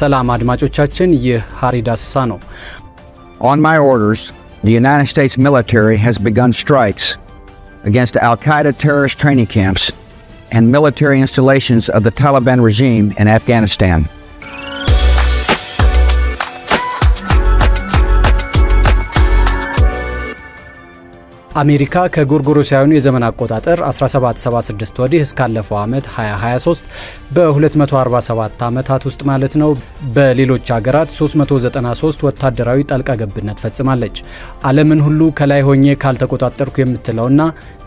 ሰላም አድማጮቻችን፣ ይህ ዳስሳ ነው። On my orders, the United States military has begun strikes against Al Qaeda terrorist training camps and military installations of the Taliban regime in Afghanistan. አሜሪካ ከጎርጎሮሳውያኑ የዘመን አቆጣጠር 1776 ወዲህ እስካለፈው ዓመት 2023 በ247 ዓመታት ውስጥ ማለት ነው በሌሎች ሀገራት 393 ወታደራዊ ጣልቃ ገብነት ፈጽማለች። ዓለምን ሁሉ ከላይ ሆኜ ካልተቆጣጠርኩ የምትለውና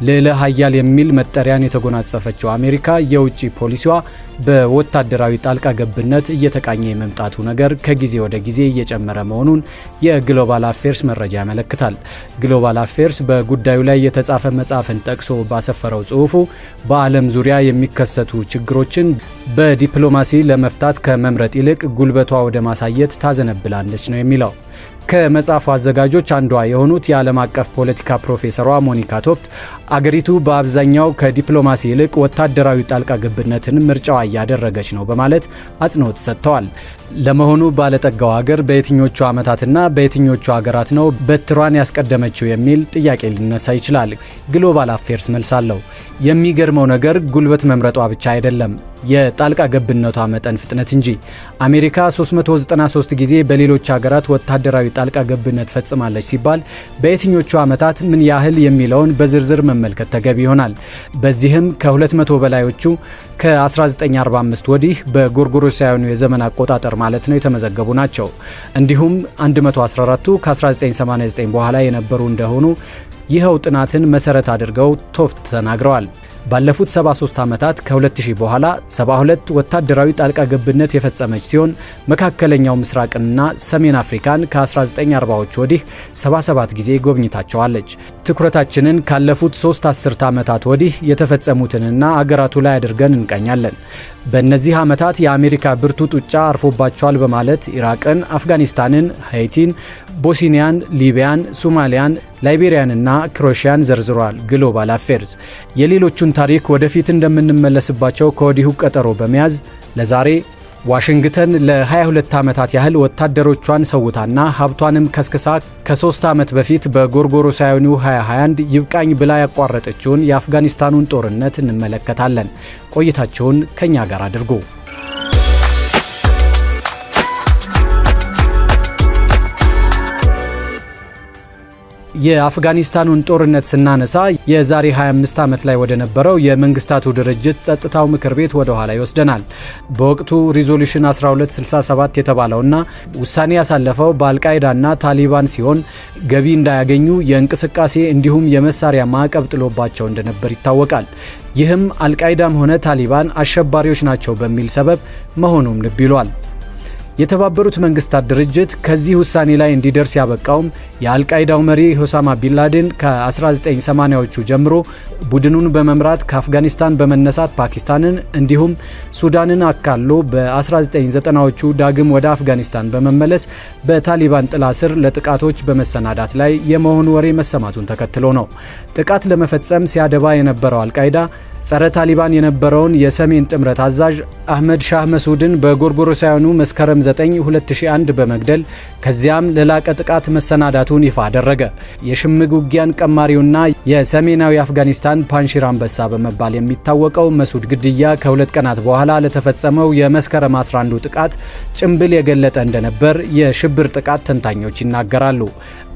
ልዕለ ሀያል የሚል መጠሪያን የተጎናጸፈችው አሜሪካ የውጭ ፖሊሲዋ በወታደራዊ ጣልቃ ገብነት እየተቃኘ የመምጣቱ ነገር ከጊዜ ወደ ጊዜ እየጨመረ መሆኑን የግሎባል አፌርስ መረጃ ያመለክታል። ግሎባል አፌርስ በጉዳዩ ላይ የተጻፈ መጽሐፍን ጠቅሶ ባሰፈረው ጽሁፉ በዓለም ዙሪያ የሚከሰቱ ችግሮችን በዲፕሎማሲ ለመፍታት ከመምረጥ ይልቅ ጉልበቷ ወደ ማሳየት ታዘነብላለች ነው የሚለው። ከመጽሐፉ አዘጋጆች አንዷ የሆኑት የዓለም አቀፍ ፖለቲካ ፕሮፌሰሯ ሞኒካ ቶፍት አገሪቱ በአብዛኛው ከዲፕሎማሲ ይልቅ ወታደራዊ ጣልቃ ግብነትን ምርጫዋ እያደረገች ነው በማለት አጽንኦት ሰጥተዋል። ለመሆኑ ባለጠጋው ሀገር በየትኞቹ ዓመታትና በየትኞቹ ሀገራት ነው በትሯን ያስቀደመችው የሚል ጥያቄ ሊነሳ ይችላል። ግሎባል አፌርስ መልስ አለው። የሚገርመው ነገር ጉልበት መምረጧ ብቻ አይደለም፣ የጣልቃ ገብነቷ መጠን ፍጥነት እንጂ። አሜሪካ 393 ጊዜ በሌሎች ሀገራት ወታደራዊ ጣልቃ ገብነት ፈጽማለች ሲባል በየትኞቹ ዓመታት ምን ያህል የሚለውን በዝርዝር መመልከት ተገቢ ይሆናል። በዚህም ከ200 በላዮቹ ከ1945 ወዲህ በጎርጎሮሳውያኑ የዘመን አቆጣጠር ማለት ነው የተመዘገቡ ናቸው። እንዲሁም 114ቱ ከ1989 በኋላ የነበሩ እንደሆኑ ይኸው ጥናትን መሰረት አድርገው ቶፍት ተናግረዋል። ባለፉት 73 ዓመታት ከ2000 በኋላ 72 ወታደራዊ ጣልቃ ገብነት የፈጸመች ሲሆን መካከለኛው ምስራቅንና ሰሜን አፍሪካን ከ1940ዎች ወዲህ 77 ጊዜ ጎብኝታቸዋለች። ትኩረታችንን ካለፉት ሶስት አስርተ ዓመታት ወዲህ የተፈጸሙትንና አገራቱ ላይ አድርገን እንቃኛለን። በእነዚህ ዓመታት የአሜሪካ ብርቱ ጡጫ አርፎባቸዋል በማለት ኢራቅን፣ አፍጋኒስታንን፣ ሃይቲን፣ ቦስኒያን፣ ሊቢያን፣ ሶማሊያን፣ ላይቤሪያንና ክሮሽያን ዘርዝሯል። ግሎባል አፌርስ የሌሎቹን ታሪክ ወደፊት እንደምንመለስባቸው ከወዲሁ ቀጠሮ በመያዝ ለዛሬ ዋሽንግተን ለ22 ዓመታት ያህል ወታደሮቿን ሰውታና ሀብቷንም ከስክሳ ከሶስት ዓመት በፊት በጎርጎሮሳውያኑ 2021 ይብቃኝ ብላ ያቋረጠችውን የአፍጋኒስታኑን ጦርነት እንመለከታለን። ቆይታችሁን ከእኛ ጋር አድርጉ። የአፍጋኒስታኑን ጦርነት ስናነሳ የዛሬ 25 ዓመት ላይ ወደ ነበረው የመንግስታቱ ድርጅት ጸጥታው ምክር ቤት ወደ ኋላ ይወስደናል። በወቅቱ ሪዞሉሽን 1267 የተባለውና ውሳኔ ያሳለፈው በአልቃይዳና ታሊባን ሲሆን ገቢ እንዳያገኙ የእንቅስቃሴ እንዲሁም የመሳሪያ ማዕቀብ ጥሎባቸው እንደነበር ይታወቃል። ይህም አልቃይዳም ሆነ ታሊባን አሸባሪዎች ናቸው በሚል ሰበብ መሆኑም ልብ ይሏል። የተባበሩት መንግስታት ድርጅት ከዚህ ውሳኔ ላይ እንዲደርስ ያበቃውም የአልቃይዳው መሪ ሆሳማ ቢንላዴን ከ1980ዎቹ ጀምሮ ቡድኑን በመምራት ከአፍጋኒስታን በመነሳት ፓኪስታንን እንዲሁም ሱዳንን አካሎ በ1990ዎቹ ዳግም ወደ አፍጋኒስታን በመመለስ በታሊባን ጥላ ስር ለጥቃቶች በመሰናዳት ላይ የመሆኑ ወሬ መሰማቱን ተከትሎ ነው። ጥቃት ለመፈጸም ሲያደባ የነበረው አልቃይዳ ጸረ ታሊባን የነበረውን የሰሜን ጥምረት አዛዥ አህመድ ሻህ መሱድን በጎርጎሮሳውያኑ መስከረም 9 2001 በመግደል ከዚያም ለላቀ ጥቃት መሰናዳቱን ይፋ አደረገ። የሽምግ ውጊያን ቀማሪውና የሰሜናዊ አፍጋኒስታን ፓንሺር አንበሳ በመባል የሚታወቀው መሱድ ግድያ ከሁለት ቀናት በኋላ ለተፈጸመው የመስከረም 11 ጥቃት ጭምብል የገለጠ እንደነበር የሽብር ጥቃት ተንታኞች ይናገራሉ።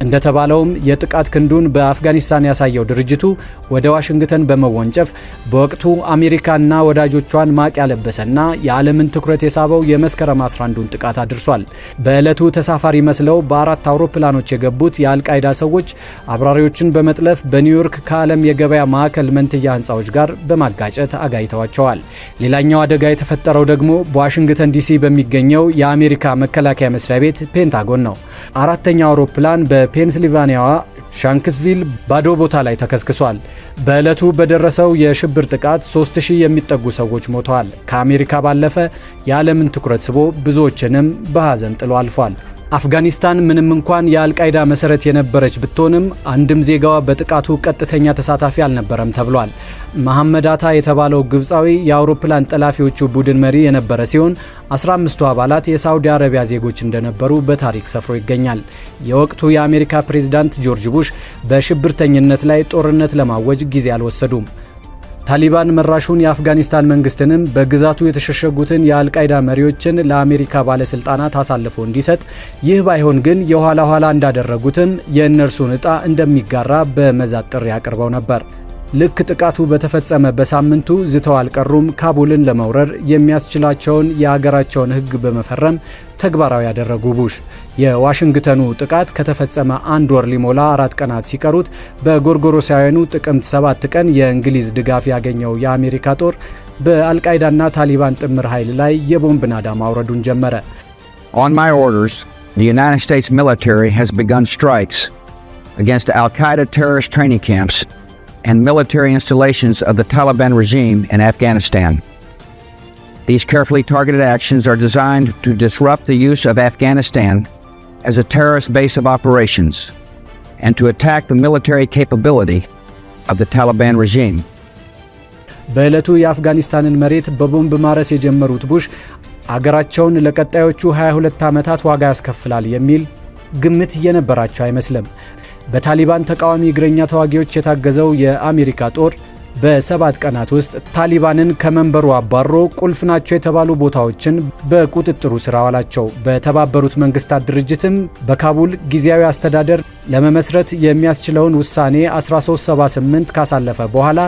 እንደተባለውም የጥቃት ክንዱን በአፍጋኒስታን ያሳየው ድርጅቱ ወደ ዋሽንግተን በመወንጨፍ በወቅቱ አሜሪካና ወዳጆቿን ማቅ ያለበሰና የዓለምን ትኩረት የሳበው የመስከረም 11ን ጥቃት አድርሷል። በዕለቱ ተሳፋሪ መስለው በአራት አውሮፕላኖች የገቡት የአልቃይዳ ሰዎች አብራሪዎችን በመጥለፍ በኒውዮርክ ከዓለም የገበያ ማዕከል መንትያ ህንፃዎች ጋር በማጋጨት አጋይተዋቸዋል። ሌላኛው አደጋ የተፈጠረው ደግሞ በዋሽንግተን ዲሲ በሚገኘው የአሜሪካ መከላከያ መስሪያ ቤት ፔንታጎን ነው። አራተኛው አውሮፕላን በፔንስልቫኒያዋ ሻንክስቪል ባዶ ቦታ ላይ ተከስክሷል። በዕለቱ በደረሰው የሽብር ጥቃት 3000 የሚጠጉ ሰዎች ሞተዋል። ከአሜሪካ ባለፈ የዓለምን ትኩረት ስቦ ብዙዎችንም በሐዘን ጥሎ አልፏል። አፍጋኒስታን ምንም እንኳን የአልቃይዳ መሰረት የነበረች ብትሆንም አንድም ዜጋዋ በጥቃቱ ቀጥተኛ ተሳታፊ አልነበረም ተብሏል። መሐመድ አታ የተባለው ግብፃዊ የአውሮፕላን ጠላፊዎቹ ቡድን መሪ የነበረ ሲሆን 15ቱ አባላት የሳውዲ አረቢያ ዜጎች እንደነበሩ በታሪክ ሰፍሮ ይገኛል። የወቅቱ የአሜሪካ ፕሬዝዳንት ጆርጅ ቡሽ በሽብርተኝነት ላይ ጦርነት ለማወጅ ጊዜ አልወሰዱም። ታሊባን መራሹን የአፍጋኒስታን መንግስትንም በግዛቱ የተሸሸጉትን የአልቃይዳ መሪዎችን ለአሜሪካ ባለስልጣናት አሳልፎ እንዲሰጥ፣ ይህ ባይሆን ግን የኋላ ኋላ እንዳደረጉትም የእነርሱን እጣ እንደሚጋራ በመዛት ጥሪ አቅርበው ነበር። ልክ ጥቃቱ በተፈጸመ በሳምንቱ ዝተው አልቀሩም ካቡልን ለመውረር የሚያስችላቸውን የአገራቸውን ሕግ በመፈረም ተግባራዊ ያደረጉ ቡሽ የዋሽንግተኑ ጥቃት ከተፈጸመ አንድ ወር ሊሞላ አራት ቀናት ሲቀሩት በጎርጎሮሳውያኑ ጥቅምት ሰባት ቀን የእንግሊዝ ድጋፍ ያገኘው የአሜሪካ ጦር በአልቃይዳና ታሊባን ጥምር ኃይል ላይ የቦምብ ናዳ ማውረዱን ጀመረ። On my orders, the United States military has begun strikes against Al-Qaeda terrorist training camps and military installations of the Taliban regime in Afghanistan. These carefully targeted actions are designed to disrupt the use of Afghanistan as a terrorist base of operations and to attack the military capability of the Taliban regime. በዕለቱ የአፍጋኒስታንን መሬት በቦምብ ማረስ የጀመሩት ቡሽ አገራቸውን ለቀጣዮቹ 22 ዓመታት ዋጋ ያስከፍላል የሚል ግምት የነበራቸው አይመስልም። በታሊባን ተቃዋሚ እግረኛ ተዋጊዎች የታገዘው የአሜሪካ ጦር በሰባት ቀናት ውስጥ ታሊባንን ከመንበሩ አባሮ ቁልፍ ናቸው የተባሉ ቦታዎችን በቁጥጥሩ ስር አዋላቸው። በተባበሩት መንግስታት ድርጅትም በካቡል ጊዜያዊ አስተዳደር ለመመስረት የሚያስችለውን ውሳኔ 1378 ካሳለፈ በኋላ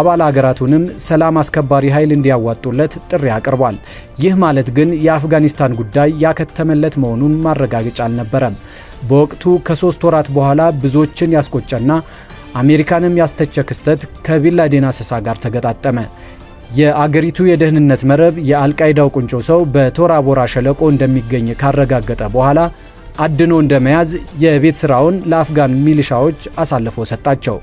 አባል አገራቱንም ሰላም አስከባሪ ኃይል እንዲያዋጡለት ጥሪ አቅርቧል። ይህ ማለት ግን የአፍጋኒስታን ጉዳይ ያከተመለት መሆኑን ማረጋገጫ አልነበረም። በወቅቱ ከሶስት ወራት በኋላ ብዙዎችን ያስቆጨና አሜሪካንም ያስተቸ ክስተት ከቢንላዴን አሰሳ ጋር ተገጣጠመ። የአገሪቱ የደህንነት መረብ የአልቃይዳው ቁንጮ ሰው በቶራ ቦራ ሸለቆ እንደሚገኝ ካረጋገጠ በኋላ አድኖ እንደመያዝ የቤት ሥራውን ለአፍጋን ሚሊሻዎች አሳልፎ ሰጣቸው።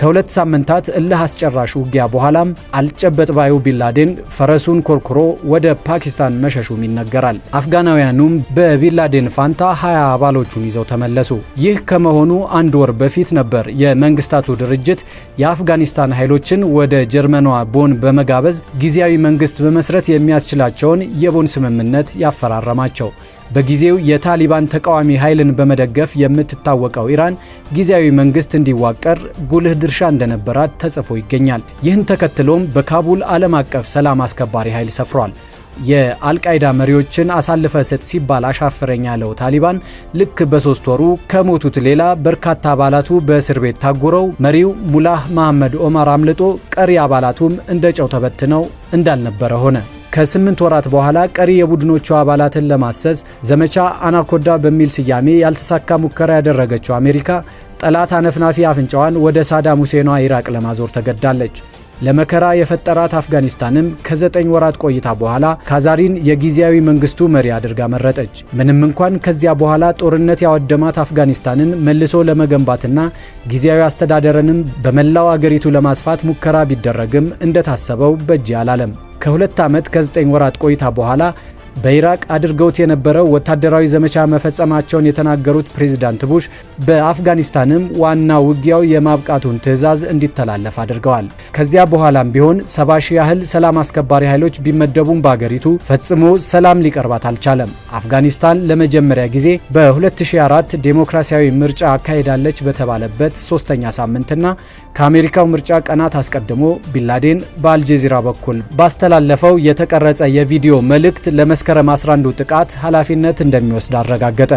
ከሁለት ሳምንታት እልህ አስጨራሽ ውጊያ በኋላም አልጨበጥ ባዩ ቢንላዴን ፈረሱን ኮርኩሮ ወደ ፓኪስታን መሸሹም ይነገራል። አፍጋናውያኑም በቢንላዴን ፋንታ 20 አባሎቹን ይዘው ተመለሱ። ይህ ከመሆኑ አንድ ወር በፊት ነበር የመንግስታቱ ድርጅት የአፍጋኒስታን ኃይሎችን ወደ ጀርመኗ ቦን በመጋበዝ ጊዜያዊ መንግስት በመስረት የሚያስችላቸውን የቦን ስምምነት ያፈራረማቸው። በጊዜው የታሊባን ተቃዋሚ ኃይልን በመደገፍ የምትታወቀው ኢራን ጊዜያዊ መንግስት እንዲዋቀር ጉልህ ድርሻ እንደነበራት ተጽፎ ይገኛል። ይህን ተከትሎም በካቡል ዓለም አቀፍ ሰላም አስከባሪ ኃይል ሰፍሯል። የአልቃይዳ መሪዎችን አሳልፈ ስጥ ሲባል አሻፈረኝ ያለው ታሊባን ልክ በሶስት ወሩ ከሞቱት ሌላ በርካታ አባላቱ በእስር ቤት ታጉረው መሪው ሙላህ መሐመድ ኦማር አምልጦ ቀሪ አባላቱም እንደ ጨው ተበትነው እንዳልነበረ ሆነ። ከስምንት ወራት በኋላ ቀሪ የቡድኖቹ አባላትን ለማሰስ ዘመቻ አናኮዳ በሚል ስያሜ ያልተሳካ ሙከራ ያደረገችው አሜሪካ ጠላት አነፍናፊ አፍንጫዋን ወደ ሳዳም ሁሴኗ ኢራቅ ለማዞር ተገድዳለች። ለመከራ የፈጠራት አፍጋኒስታንም ከዘጠኝ ወራት ቆይታ በኋላ ካዛሪን የጊዜያዊ መንግስቱ መሪ አድርጋ መረጠች። ምንም እንኳን ከዚያ በኋላ ጦርነት ያወደማት አፍጋኒስታንን መልሶ ለመገንባትና ጊዜያዊ አስተዳደርንም በመላው አገሪቱ ለማስፋት ሙከራ ቢደረግም እንደታሰበው በጅ አላለም። ከሁለት ዓመት ከዘጠኝ ወራት ቆይታ በኋላ በኢራቅ አድርገውት የነበረው ወታደራዊ ዘመቻ መፈጸማቸውን የተናገሩት ፕሬዚዳንት ቡሽ በአፍጋኒስታንም ዋና ውጊያው የማብቃቱን ትዕዛዝ እንዲተላለፍ አድርገዋል። ከዚያ በኋላም ቢሆን ሰባ ሺህ ያህል ሰላም አስከባሪ ኃይሎች ቢመደቡም በአገሪቱ ፈጽሞ ሰላም ሊቀርባት አልቻለም። አፍጋኒስታን ለመጀመሪያ ጊዜ በ2004 ዴሞክራሲያዊ ምርጫ አካሄዳለች በተባለበት ሶስተኛ ሳምንትና ከአሜሪካው ምርጫ ቀናት አስቀድሞ ቢንላዴን በአልጄዚራ በኩል ባስተላለፈው የተቀረጸ የቪዲዮ መልእክት ለመስ የመስከረም 11 ጥቃት ኃላፊነት እንደሚወስድ አረጋገጠ።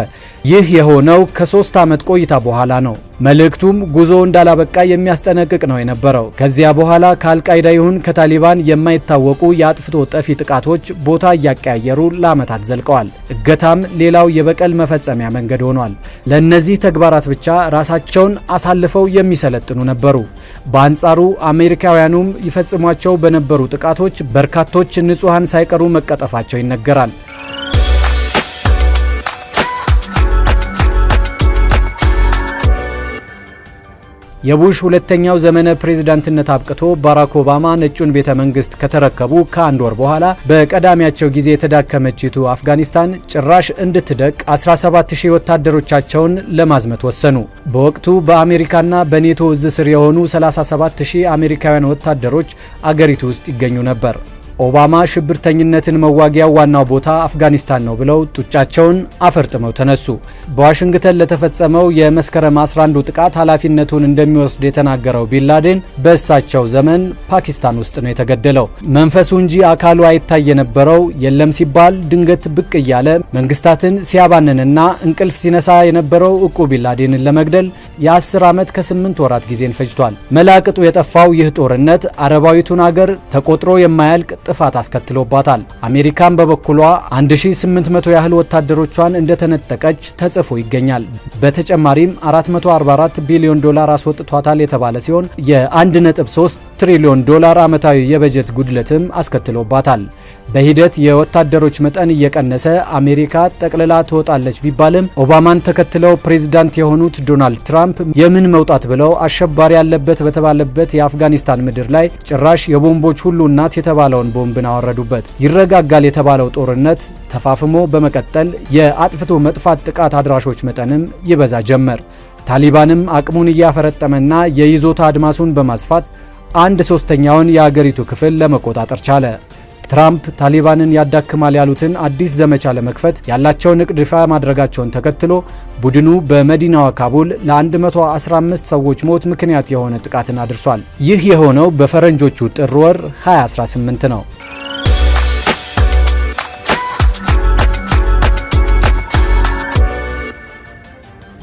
ይህ የሆነው ከሶስት ዓመት ቆይታ በኋላ ነው። መልእክቱም ጉዞ እንዳላበቃ የሚያስጠነቅቅ ነው የነበረው። ከዚያ በኋላ ከአልቃይዳ ይሁን ከታሊባን የማይታወቁ የአጥፍቶ ጠፊ ጥቃቶች ቦታ እያቀያየሩ ለዓመታት ዘልቀዋል። እገታም ሌላው የበቀል መፈጸሚያ መንገድ ሆኗል። ለእነዚህ ተግባራት ብቻ ራሳቸውን አሳልፈው የሚሰለጥኑ ነበሩ። በአንጻሩ አሜሪካውያኑም ይፈጽሟቸው በነበሩ ጥቃቶች በርካቶች ንጹሐን ሳይቀሩ መቀጠፋቸው ይነገራል። የቡሽ ሁለተኛው ዘመነ ፕሬዝዳንትነት አብቅቶ ባራክ ኦባማ ነጩን ቤተ መንግስት ከተረከቡ ከአንድ ወር በኋላ በቀዳሚያቸው ጊዜ የተዳከመችቱ አፍጋኒስታን ጭራሽ እንድትደቅ 17000 ወታደሮቻቸውን ለማዝመት ወሰኑ። በወቅቱ በአሜሪካና በኔቶ እዝ ስር የሆኑ 37000 አሜሪካውያን ወታደሮች አገሪቱ ውስጥ ይገኙ ነበር። ኦባማ ሽብርተኝነትን መዋጊያው ዋናው ቦታ አፍጋኒስታን ነው ብለው ጡጫቸውን አፈርጥመው ተነሱ። በዋሽንግተን ለተፈጸመው የመስከረም 11 ጥቃት ኃላፊነቱን እንደሚወስድ የተናገረው ቢንላዴን በእሳቸው ዘመን ፓኪስታን ውስጥ ነው የተገደለው። መንፈሱ እንጂ አካሉ አይታይ የነበረው የለም ሲባል ድንገት ብቅ እያለ መንግስታትን ሲያባንንና እንቅልፍ ሲነሳ የነበረው እቁ ቢንላዴንን ለመግደል የ10 ዓመት ከ8 ወራት ጊዜን ፈጅቷል። መላቅጡ የጠፋው ይህ ጦርነት አረባዊቱን አገር ተቆጥሮ የማያልቅ ጥፋት አስከትሎባታል። አሜሪካን በበኩሏ 1800 ያህል ወታደሮቿን እንደተነጠቀች ተጽፎ ይገኛል። በተጨማሪም 444 ቢሊዮን ዶላር አስወጥቷታል የተባለ ሲሆን የ1.3 ትሪሊዮን ዶላር ዓመታዊ የበጀት ጉድለትም አስከትሎባታል። በሂደት የወታደሮች መጠን እየቀነሰ አሜሪካ ጠቅልላ ትወጣለች ቢባልም ኦባማን ተከትለው ፕሬዝዳንት የሆኑት ዶናልድ ትራምፕ የምን መውጣት ብለው አሸባሪ ያለበት በተባለበት የአፍጋኒስታን ምድር ላይ ጭራሽ የቦምቦች ሁሉ እናት የተባለውን ቦምብን አወረዱበት። ይረጋጋል የተባለው ጦርነት ተፋፍሞ በመቀጠል የአጥፍቶ መጥፋት ጥቃት አድራሾች መጠንም ይበዛ ጀመር። ታሊባንም አቅሙን እያፈረጠመና የይዞታ አድማሱን በማስፋት አንድ ሶስተኛውን የአገሪቱ ክፍል ለመቆጣጠር ቻለ። ትራምፕ ታሊባንን ያዳክማል ያሉትን አዲስ ዘመቻ ለመክፈት ያላቸውን እቅድ ይፋ ማድረጋቸውን ተከትሎ ቡድኑ በመዲናዋ ካቡል ለ115 ሰዎች ሞት ምክንያት የሆነ ጥቃትን አድርሷል። ይህ የሆነው በፈረንጆቹ ጥር ወር 2018 ነው።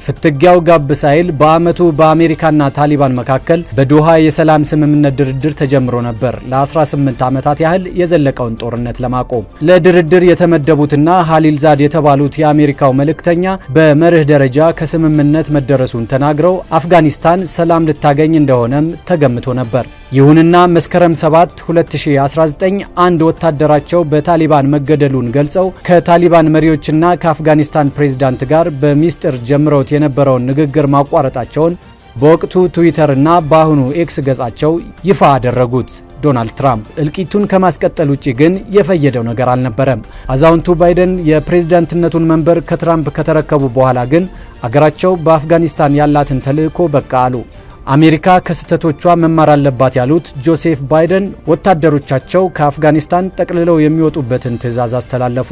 ፍትጊያው ጋብ ሳይል በአመቱ በአሜሪካና ታሊባን መካከል በዶሃ የሰላም ስምምነት ድርድር ተጀምሮ ነበር ለ18 ዓመታት ያህል የዘለቀውን ጦርነት ለማቆም። ለድርድር የተመደቡትና ሀሊል ዛድ የተባሉት የአሜሪካው መልእክተኛ በመርህ ደረጃ ከስምምነት መደረሱን ተናግረው አፍጋኒስታን ሰላም ልታገኝ እንደሆነም ተገምቶ ነበር። ይሁንና መስከረም 7 2019 አንድ ወታደራቸው በታሊባን መገደሉን ገልጸው ከታሊባን መሪዎችና ከአፍጋኒስታን ፕሬዝዳንት ጋር በሚስጥር ጀምረውት የነበረውን ንግግር ማቋረጣቸውን በወቅቱ ትዊተር እና በአሁኑ ኤክስ ገጻቸው ይፋ አደረጉት። ዶናልድ ትራምፕ እልቂቱን ከማስቀጠል ውጪ ግን የፈየደው ነገር አልነበረም። አዛውንቱ ባይደን የፕሬዝዳንትነቱን መንበር ከትራምፕ ከተረከቡ በኋላ ግን አገራቸው በአፍጋኒስታን ያላትን ተልዕኮ በቃ አሉ። አሜሪካ ከስህተቶቿ መማር አለባት ያሉት ጆሴፍ ባይደን ወታደሮቻቸው ከአፍጋኒስታን ጠቅልለው የሚወጡበትን ትዕዛዝ አስተላለፉ።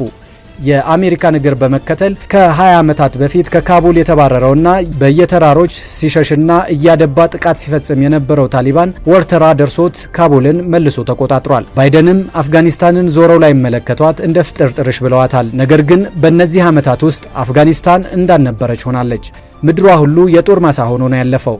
የአሜሪካን እግር በመከተል ከ20 ዓመታት በፊት ከካቡል የተባረረውና በየተራሮች ሲሸሽና እያደባ ጥቃት ሲፈጽም የነበረው ታሊባን ወርተራ ደርሶት ካቡልን መልሶ ተቆጣጥሯል። ባይደንም አፍጋኒስታንን ዞረው ላይ መለከቷት እንደ ፍጥርጥርሽ ብለዋታል። ነገር ግን በእነዚህ ዓመታት ውስጥ አፍጋኒስታን እንዳልነበረች ሆናለች። ምድሯ ሁሉ የጦር ማሳ ሆኖ ነው ያለፈው።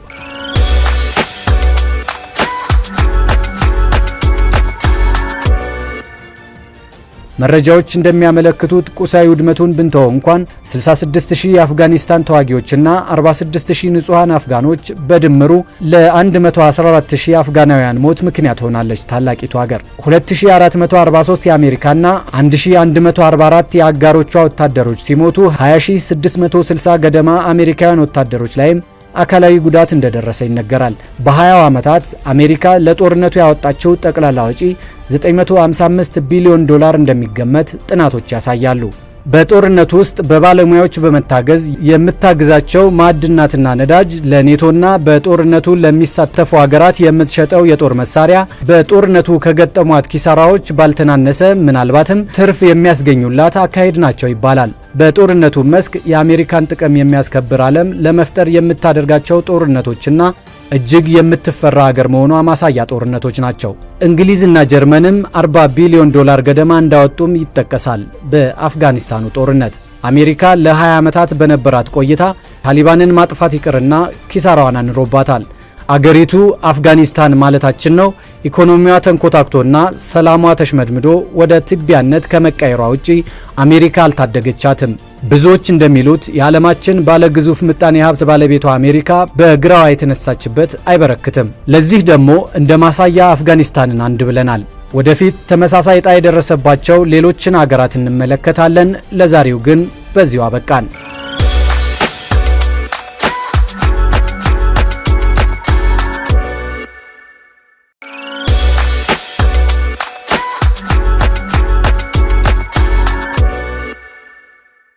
መረጃዎች እንደሚያመለክቱት ቁሳዊ ውድመቱን ብንተው እንኳን 66000 የአፍጋኒስታን ተዋጊዎችና 46000 ንጹሐን አፍጋኖች በድምሩ ለ114000 አፍጋናውያን ሞት ምክንያት ሆናለች። ታላቂቱ ሀገር 2443 የአሜሪካና 1144 የአጋሮቿ ወታደሮች ሲሞቱ 20660 ገደማ አሜሪካውያን ወታደሮች ላይም አካላዊ ጉዳት እንደደረሰ ይነገራል። በ20 ዓመታት አሜሪካ ለጦርነቱ ያወጣቸው ጠቅላላ ወጪ 955 ቢሊዮን ዶላር እንደሚገመት ጥናቶች ያሳያሉ። በጦርነቱ ውስጥ በባለሙያዎች በመታገዝ የምታግዛቸው ማዕድናትና ነዳጅ ለኔቶና በጦርነቱ ለሚሳተፉ ሀገራት የምትሸጠው የጦር መሳሪያ በጦርነቱ ከገጠሟት ኪሳራዎች ባልተናነሰ ምናልባትም ትርፍ የሚያስገኙላት አካሄድ ናቸው ይባላል። በጦርነቱ መስክ የአሜሪካን ጥቅም የሚያስከብር ዓለም ለመፍጠር የምታደርጋቸው ጦርነቶችና እጅግ የምትፈራ ሀገር መሆኗ ማሳያ ጦርነቶች ናቸው። እንግሊዝና ጀርመንም 40 ቢሊዮን ዶላር ገደማ እንዳወጡም ይጠቀሳል በአፍጋኒስታኑ ጦርነት። አሜሪካ ለ20 ዓመታት በነበራት ቆይታ ታሊባንን ማጥፋት ይቅርና ኪሳራዋን አንሮባታል። አገሪቱ አፍጋኒስታን ማለታችን ነው ኢኮኖሚዋ ተንኮታክቶና ሰላሟ ተሽመድምዶ ወደ ትቢያነት ከመቀየሯ ውጪ አሜሪካ አልታደገቻትም። ብዙዎች እንደሚሉት የዓለማችን ባለ ግዙፍ ምጣኔ ሀብት ባለቤቷ አሜሪካ በግራዋ የተነሳችበት አይበረክትም። ለዚህ ደግሞ እንደ ማሳያ አፍጋኒስታንን አንድ ብለናል። ወደፊት ተመሳሳይ ዕጣ የደረሰባቸው ሌሎችን አገራት እንመለከታለን። ለዛሬው ግን በዚሁ አበቃን።